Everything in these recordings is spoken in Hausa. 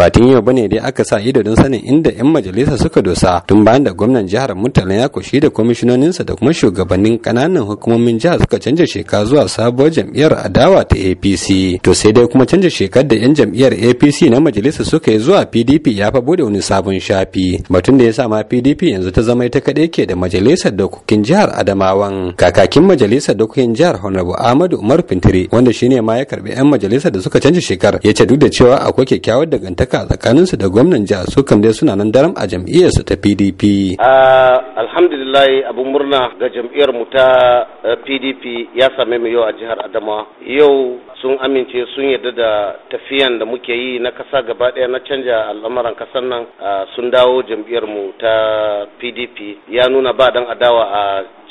ba tun yau bane dai aka sa ido don sanin inda 'yan majalisa suka dosa tun bayan da gwamnan jihar murtala ya kushi da kwamishinoninsa da kuma shugabannin kananan hukumomin jihar suka canja sheka zuwa sabuwar jam'iyyar adawa ta apc to sai dai kuma canja shekar da 'yan jam'iyyar apc na majalisa suka yi zuwa pdp ya fa bude wani sabon shafi batun da ya sa ma pdp yanzu ta zama ita kaɗai ke da majalisar dokokin jihar adamawan kakakin majalisar dokokin jihar honorable ahmadu umar fintiri wanda shine ma ya karbi 'yan majalisar da suka canja shekar ya ce duk da cewa akwai kyakkyawar dangantaka dangantaka tsakaninsu da gwamnan jihar Sokam dai suna nan daram a jam'iyyarsu ta PDP. alhamdulillah abun murna ga jam'iyyar mu ta PDP eh, ya same mu yau a jihar Adamawa. Yau sun amince sun yarda da tafiyan da muke yi na kasa gaba ɗaya na canja al'amuran kasar nan sun dawo jam'iyyar mu ta PDP ya nuna ba dan adawa a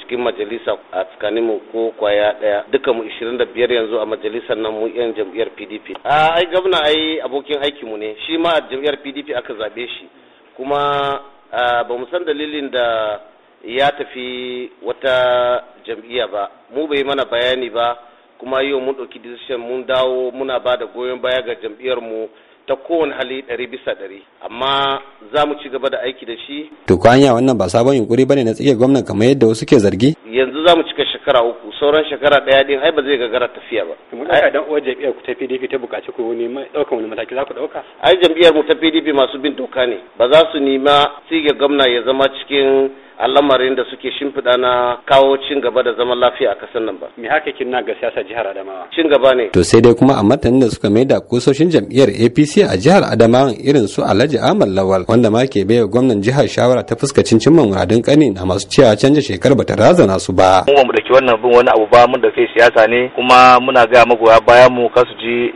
cikin majalisa a tsakanin mu ko kwaya daya duka mu 25 yanzu a majalisar nan mu yan jam'iyyar PDP a ai gwamna ai abokin aiki mu ne shi ma a jam'iyyar PDP aka zabe shi kuma ba mu san dalilin da ya tafi wata jam'iyya ba mu bai mana bayani ba kuma yau mun ɗauki decision mun dawo muna ba da goyon baya ga jam'iyyar mu ta kowane hali ɗari bisa ɗari amma za mu ci gaba da aiki da shi. To kwanya wannan ba sabon yunkuri bane na tsike gwamnan kamar yadda wasu ke zargi? Yanzu za mu cika shekara uku sauran shekara ɗaya ɗin ai ba zai gagara tafiya ba. Kuma da dan uwar jam'iyyar ku ta PDP ta buƙaci ku wani ɗaukan wani mataki za ku ɗauka? Ai jam'iyyar mu ta PDP masu bin doka ne ba za su nima tsige gwamna ya zama cikin lamarin da suke shimfiɗa na kawo cin gaba da zaman lafiya a ƙasar nan ba. Me haka kin na ga siyasa jihar Adamawa? Cin gaba ne. To sai dai kuma a martanin da suka mai da kusoshin jam'iyyar APC a jihar Adamawa irin su Alhaji Ahmad Lawal wanda ma ke baiwa gwamnan jihar shawara ta fuskacin cimma muradun kani, na masu cewa canja shekar bata razana su ba. Mun ba mu daki wannan bin wani abu ba mun da kai siyasa ne kuma muna gaya magoya bayan mu kasu ji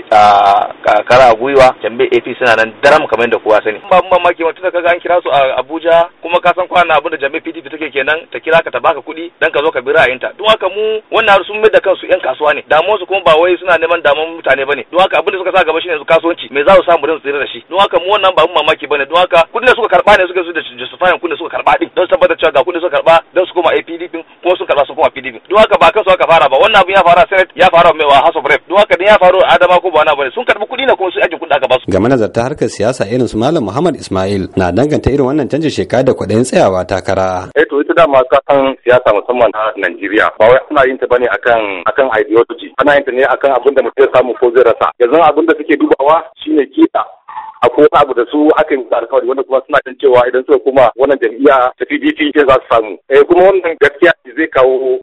kara a gwiwa jam'iyyar APC suna nan daram kamar yadda kowa sani. Ba mu mamaki ke da kaga an kira su a Abuja kuma ka san kwana abin da jam'iyyar PDP take kenan ta kira ka ta baka kuɗi dan ka zo ka bi ra'ayinta don haka mu wannan sun mai da kansu yan kasuwa ne damuwar su kuma ba wai suna neman damuwar mutane bane don haka abin da suka sa gaba shine su kasuwanci me za su samu don su tsira da shi don haka mu wannan ba mu mamaki bane don haka kuɗin da suka karba ne suka su da justifying kuɗin da suka karba din don tabbatar cewa ga kuɗin suka karba don su koma APD din ko sun karba su koma PDP don haka ba kansu aka fara ba wannan abin ya fara Senate ya fara mai wa House of Rep don haka din ya faru a Adama ko ba na bane sun karba kuɗi ne kuma su aje kuɗin aka ba su ga manazarta harkar siyasa irin su Malam Muhammad Ismail na danganta irin wannan canje shekara da kwaɗayin tsayawa takara Eh to ita dama kasan siyasa musamman ta Najeriya ba wai ana yin ta bane akan akan ideology ana yin ta ne akan abin da mutum samu ko zai rasa yanzu abin da suke dubawa shine kisa akwai wani abu da su aka yi alkawari wanda kuma suna jin cewa idan suka kuma wannan jam'iyya ta PDP ce za su samu eh kuma wannan gaskiya zai kawo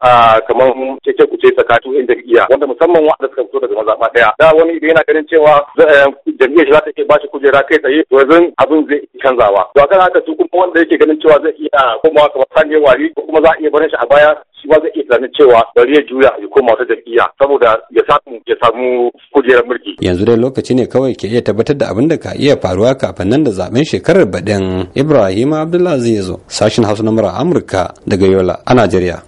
kamar keke kuce sakatu, yan jam'iyya wanda musamman wanda suka fito daga mazaɓa ɗaya da wani idan yana ganin cewa eh, jam'iyyar shi za ta iya bashi kujera kai tsaye to yanzu abin zai canzawa to akan haka su kuma wanda yake ganin cewa zai iya komawa kamar saniyar wari ko kuma za a iya barin shi a baya shi ma zai iya tunanin cewa bari ya juya ya koma wata jam'iyya saboda ya samu ya samu kujerar mulki. Yanzu dai lokaci ne kawai ke iya tabbatar da abin da ka iya faruwa kafin nan da zaben shekarar baɗin Ibrahim zai zo sashin Hausa na Amurka daga Yola a Najeriya.